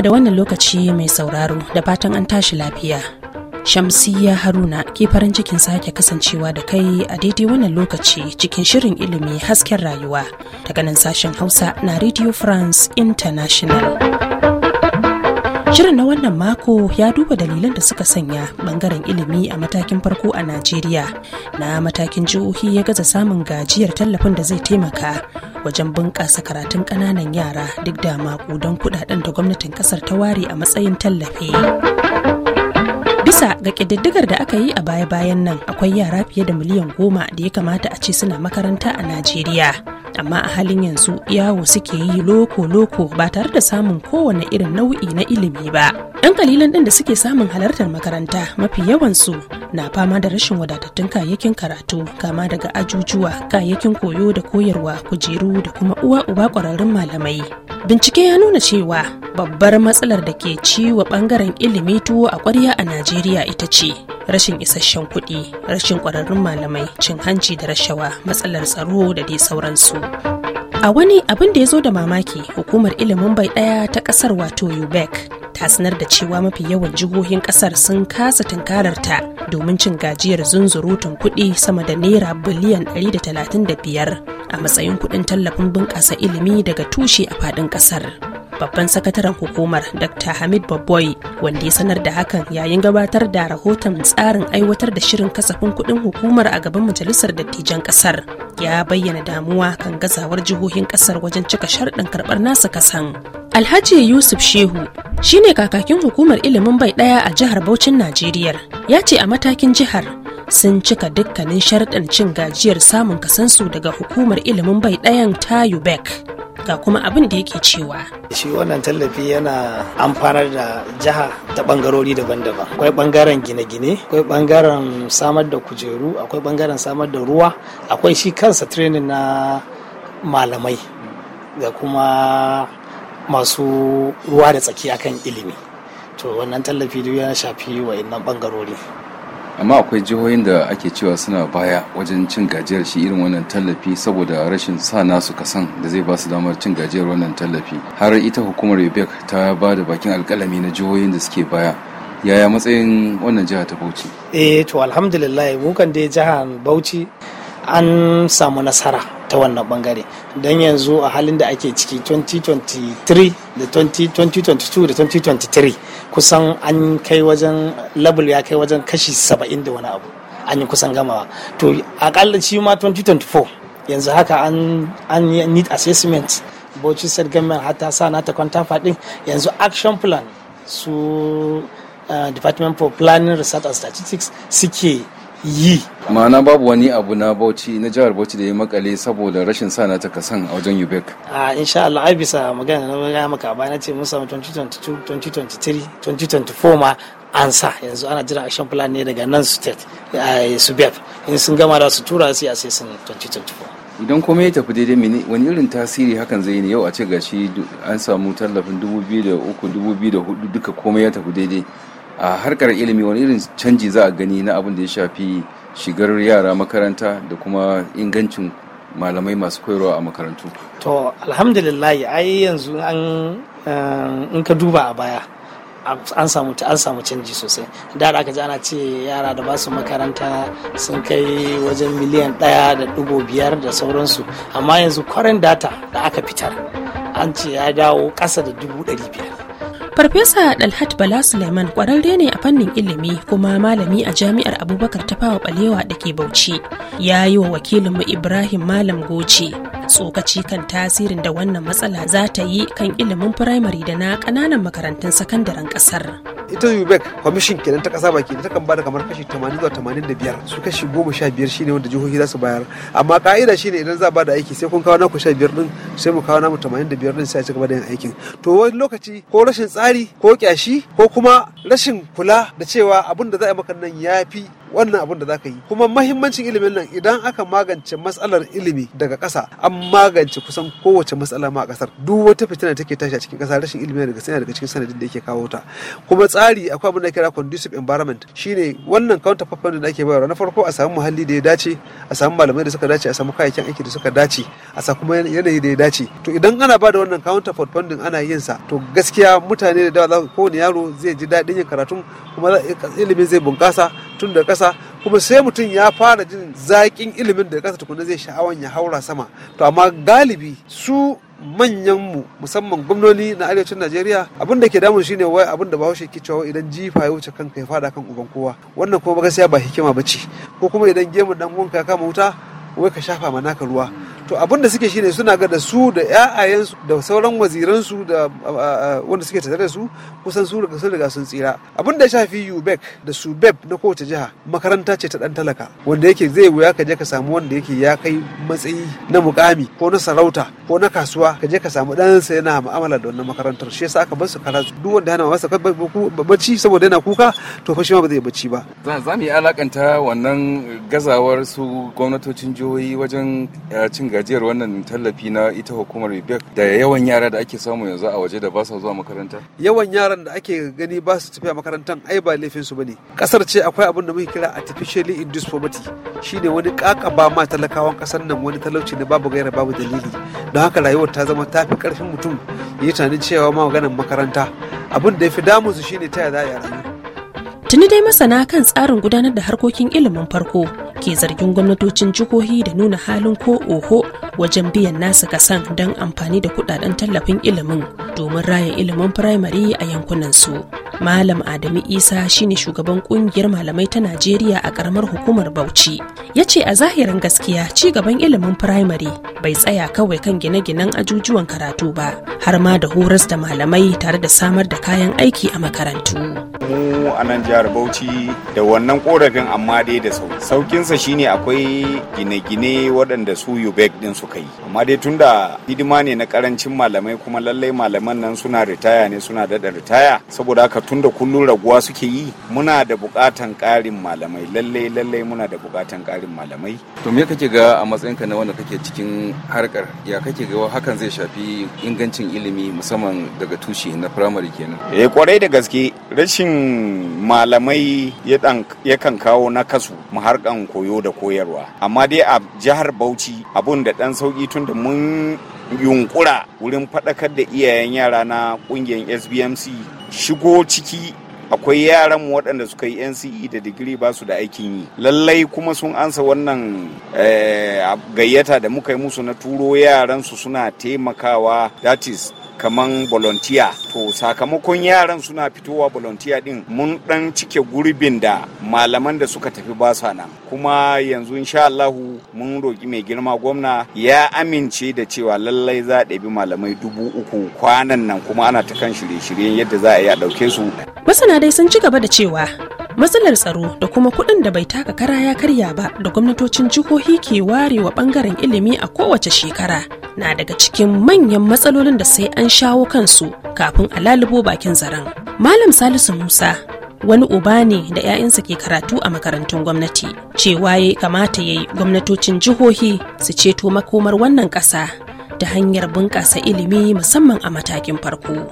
barkanmu da wannan lokaci mai sauraro da fatan an tashi lafiya. Shamsiyya Haruna ke farin cikin sake kasancewa da kai a daidai wannan lokaci cikin shirin ilimi hasken rayuwa daga nan sashen Hausa na Radio France International. Shirin na wannan mako ya duba dalilan da suka sanya bangaren ilimi a matakin farko a Najeriya na matakin jihohi ya gaza samun gajiyar tallafin da zai taimaka wajen bunƙasa karatun ƙananan yara duk da makudan kudaden da gwamnatin ƙasar ta ware a matsayin tallafi. bisa ga ƙididdigar da aka yi a baya-bayan nan akwai yara fiye da miliyan goma da ya kamata a ce suna makaranta a najeriya amma a halin yanzu yawo suke yi loko-loko ba tare da samun kowane irin nau'i na ilimi ba yan kalilan ɗin da suke samun halartar makaranta mafi yawansu na fama da rashin wadatattun kayayyakin karatu kama daga ajujuwa kayayyakin koyo da koyarwa kujeru da kuma uwa uba ƙwararrun malamai bincike ya nuna cewa babbar matsalar da ke ciwo ɓangaren ilimi tuwo a ƙwarya a najeriya ita ce rashin isasshen kuɗi rashin ƙwararrun malamai cin hanci da rashawa matsalar tsaro da dai sauransu a wani abin da ya zo da mamaki hukumar ilimin bai ɗaya ta ƙasar wato ubec ta sanar da cewa mafi yawan jihohin ƙasar sun kasa tunkarar ta domin cin gajiyar zunzurutun kuɗi sama da naira biliyan ɗari da da talatin biyar a matsayin kuɗin tallafin bunƙasa ilimi daga tushe a faɗin ƙasar. babban sakataren hukumar dr hamid Baboi, wanda ya sanar da hakan yayin gabatar da rahoton tsarin aiwatar da shirin kasafin kuɗin hukumar a gaban majalisar dattijan Kasar, ya bayyana damuwa kan gazawar jihohin ƙasar wajen cika sharɗin karɓar nasa kasan alhaji yusuf shehu shi ne kakakin hukumar ilimin bai ɗaya a jihar Bauchin najeriya ya ce a matakin jihar sun cika dukkanin sharɗin cin gajiyar samun kasansu daga hukumar ilimin bai ɗayan ta UBEC. ga kuma abin da yake cewa. Shi wannan tallafi yana amfanar da jiha ta bangarori daban-daban. Akwai bangaren gine-gine, akwai bangaren samar da kujeru, akwai bangaren samar da ruwa, akwai shi kansa training na malamai da kuma masu ruwa da tsaki akan ilimi. To wannan tallafi duk ya shafi waɗannan bangarori. amma akwai jihohin da ake cewa suna baya wajen cin gajiyar shi irin wannan tallafi saboda rashin sa nasu kasan da zai ba su damar cin gajiyar wannan tallafi har ita hukumar rebek ta ba da bakin alkalami na jihohin da suke baya yaya matsayin wannan jiha ta bauchi eh to alhamdulillah mu kan dai jihar bauchi an samu nasara ta wannan bangare don yanzu a halin da ake ciki 2023 da 2022 da 2023 kusan an kai wajen level ya kai wajen kashi saba'in da wani abu an yi kusan gamawa to akalla shi ma 2024 yanzu haka an yi need assessment bauchi said government har ta sa na ta kwanta faɗin yanzu action plan su eh, department for planning research and statistics suke yi ma'ana babu wani abu na bauchi na jihar bauchi da ya makale saboda rashin sa na takasan a wajen ubek a insha Allah ai bisa magana na ga maka ba na ce mun samu 2022 2023 2024 ma an sa yanzu ana jira action plan ne daga nan state eh, su bep in sun gama da su tura su a sai sun 2024 idan komai ya tafi daidai mini wani irin tasiri hakan zai yi ne yau a ce gashi an samu tallafin 2003 2004 duka komai ya tafi daidai a harkar ilimi wani irin canji za a gani na abin da ya shafi shigar yara makaranta da kuma ingancin malamai masu koyarwa a makarantu to alhamdulillahi ai yanzu an eh, ka duba a baya an samu an samu canji sosai da aka ji ana ce yara da basu makaranta sun kai wajen miliyan ɗaya da ɗigo biyar da sauransu amma yanzu kwarin data da aka fitar an ce ya dawo ƙasa da dubu ɗari biyar Farfesa Dalhat Bala Suleiman kwararre ne a fannin ilimi kuma malami a jami'ar Abubakar ta Tafawa Balewa da ke Bauchi. Ya yi wa wakilinmu Ibrahim Malam Goce tsokaci kan tasirin da wannan matsala za ta yi kan ilimin firamare da na kananan makarantun sakandaren kasar. ita ubec kwamishin kenan ta kasa baki ta kan bada kamar kashi 80 zuwa 85 su kashi 15 shine wanda jihohi za su bayar amma ka'ida shine idan za ba da aiki sai kun kawo naku 15 din sai mu kawo namu 85 din sai a cigaba da yin aikin to wani lokaci ko rashin tsari ko kyashi ko kuma rashin kula da cewa abin da za a yi maka nan ya fi wannan abin da za ka yi kuma mahimmancin ilimin nan idan aka magance matsalar ilimi daga ƙasa an magance kusan kowace matsala ma a ƙasar duk wata fitina take tashi a cikin ƙasa rashin ilimi daga sai daga cikin sanadin da yake kawo ta kuma tsari akwai abin da kira conducive environment shine wannan counter da ake bayarwa na farko a samu muhalli da ya dace a samu malamai da suka dace a samu kayayyakin aiki da suka dace a sa kuma yanayi da ya dace to idan ana ba da wannan counter funding ana yin sa to gaskiya mutane da dawa kowane yaro zai ji daɗin yin karatun kuma ilimin zai bunƙasa tun da kasa kuma sai mutum ya fara jin zaƙin ilimin da ƙasa tukuna zai sha'awan ya haura sama to amma galibi su manyanmu musamman gwamnoni na arewacin najeriya abin da ke damun shine wai abin da bahaushe ke cewa idan jifa ya wuce kanka ya fada kan uban kowa wannan kuma gaskiya ba hikima ba ce ko kuma idan gemun dan uwanka ya kama wuta wai ka shafa ma naka ruwa to abin da suke ne suna ga da su da ƴaƴayensu da sauran waziransu da wanda suke tattare da su kusan su sun riga sun tsira abin da ya shafi yubek da SUBEB e na kowace jiha makaranta ce ta dan talaka wanda yake zai wuya ka je ka samu wanda yake ya kai matsayi na mukami ko na sarauta ko na kasuwa ka je ka samu ɗansa yana mu'amala da wannan makarantar shi yasa aka bar su karatu duk wanda yana masa bacci saboda yana kuka to fa shi ma ba zai bacci ba za mu yi alakanta wannan gazawar su gwamnatocin jihohi wajen eh, cin gajiyar wannan tallafi na ita hukumar Bibek da yawan yara da ake samu yanzu a waje da ba sa zuwa makaranta? Yawan yaran da ake gani ba su tafiya makarantan ai ba laifin su bane. Kasar ce akwai abin da muke kira artificially induced poverty shine wani kakaba ma talakawan kasar nan wani talauci ne babu gaira babu dalili. Don haka rayuwar ta zama tafi karfin mutum yayin tunanin cewa ma maganar makaranta abin da ya fi su shine ta yaya za a Tuni dai masana kan tsarin gudanar da harkokin ilimin farko ke zargin gwamnatocin jihohi da nuna halin ko oho wajen biyan nasa kasan don amfani da kudaden tallafin ilimin domin raya ilimin firamare a yankunansu. Malam Adamu Isa shine shugaban kungiyar malamai ta Najeriya a karamar hukumar Bauchi. Ya ce a zahirin gaskiya ci gaban ilimin firamare bai tsaya kawai kan gine-ginen ajujuwan karatu ba, har ma da horas da malamai tare da samar da kayan aiki a makarantu. Mu a nan jihar Bauchi da wannan korafin amma dai da sau. Saukinsa shine akwai gine-gine waɗanda su UBEC din suka yi. Amma dai tunda hidima ne na karancin malamai kuma lallai malaman nan suna ritaya ne suna daɗa ritaya saboda haka tunda kullum raguwa suke yi muna da bukatan karin malamai lallai lallai muna da bukatan ƙarin malamai to me kake ga a matsayinka na wanda kake cikin harkar ya kake ga hakan zai shafi ingancin ilimi musamman daga tushe na firamare kenan eh kwarai da gaske rashin malamai yakan kawo na kasu mu harkan koyo da koyarwa amma dai a jihar Bauchi abun da dan sauki tunda mun yunkura wurin faɗakar da iyayen yara na ƙungiyar sbmc shigo ciki akwai yaran mu waɗanda suka yi nce da digiri ba su da aikin yi lallai kuma sun ansa wannan eh, gayyata da muka yi musu na turo yaran su suna taimakawa that is kamar volunteer to sakamakon yaran suna fitowa volunteer din mun dan cike gurbin da malaman da suka tafi basa nan kuma yanzu insha Allahu mun roki mai girma gwamna ya amince da cewa lallai za a ɗabi malamai dubu uku kwanan nan kuma ana ta kan shirye-shiryen yadda za a yi a ɗauke su. Masana dai sun ci gaba da cewa matsalar tsaro da kuma kuɗin da bai taka kara ya karya ba da gwamnatocin jihohi ke warewa bangaren ɓangaren ilimi a kowace shekara na daga cikin manyan matsalolin da sai an shawo kansu kafin a lalubo bakin zaren. Malam Salisu Musa wani uba ne da 'ya'yansa ke karatu a makarantun gwamnati cewa ya kamata ya yi gwamnatocin jihohi su ceto makomar wannan ƙasa ta hanyar bunƙasa ilimi musamman a matakin farko.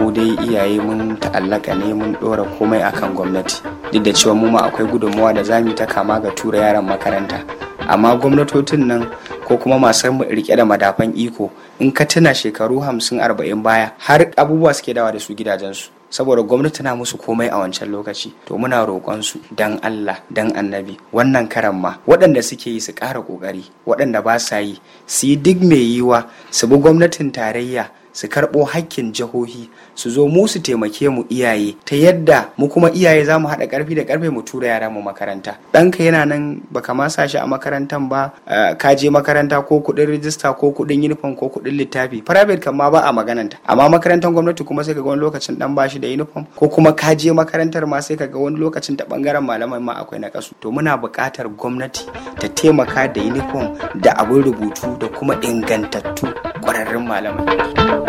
mu dai iyaye mun ta'allaka ne mun ɗora komai akan gwamnati duk da cewa mu ma akwai gudunmawa da zamu ta kama ga tura yaran makaranta amma gwamnatocin nan ko kuma masu rike da madafan iko in ka tuna shekaru hamsin arba'in baya har abubuwa suke dawa da su gidajensu saboda gwamnati na musu komai a wancan lokaci to muna roƙon su dan Allah dan annabi wannan karan ma waɗanda suke yi su ƙara ƙoƙari waɗanda ba sa yi su yi duk mai yiwa su bi gwamnatin tarayya su karɓo hakkin jihohi su zo mu su taimake mu iyaye ta yadda mu kuma iyaye za mu haɗa ƙarfi da ƙarfe mu tura yara mu makaranta ɗanka yana nan baka ma sa shi a makarantan ba eh, ka je makaranta ko kuɗin rijista ko kuɗin yunifom ko kuɗin littafi private kan ma ba a magananta amma makarantar gwamnati kuma sai ka ga wani lokacin ɗan bashi da yunifom ko kuma ka je makarantar ma sai ka ga wani lokacin ta ɓangaren malaman ma akwai na ƙasu to muna buƙatar gwamnati ta taimaka da yunifom da abin rubutu da kuma ingantattu ƙwararrun malamai.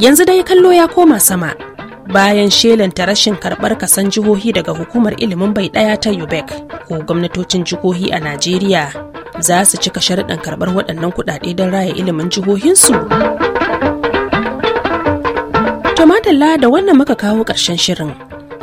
yanzu dai kallo ya koma sama bayan shelanta rashin karɓar kasan jihohi daga hukumar ilimin bai ɗaya ta UBEC ko gwamnatocin jihohi a Najeriya za su cika sharaɗin karɓar waɗannan kuɗaɗe don raya ilimin jihohinsu. Tomatalla da wannan muka kawo ƙarshen shirin.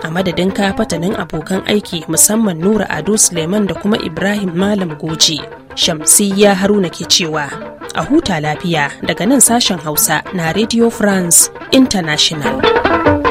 A madadin kafatanin abokan aiki musamman Nura Ado Suleiman da kuma Ibrahim Malam Goji. Shamsiyya Haruna ke cewa a huta lafiya daga nan sashen Hausa na Radio France International.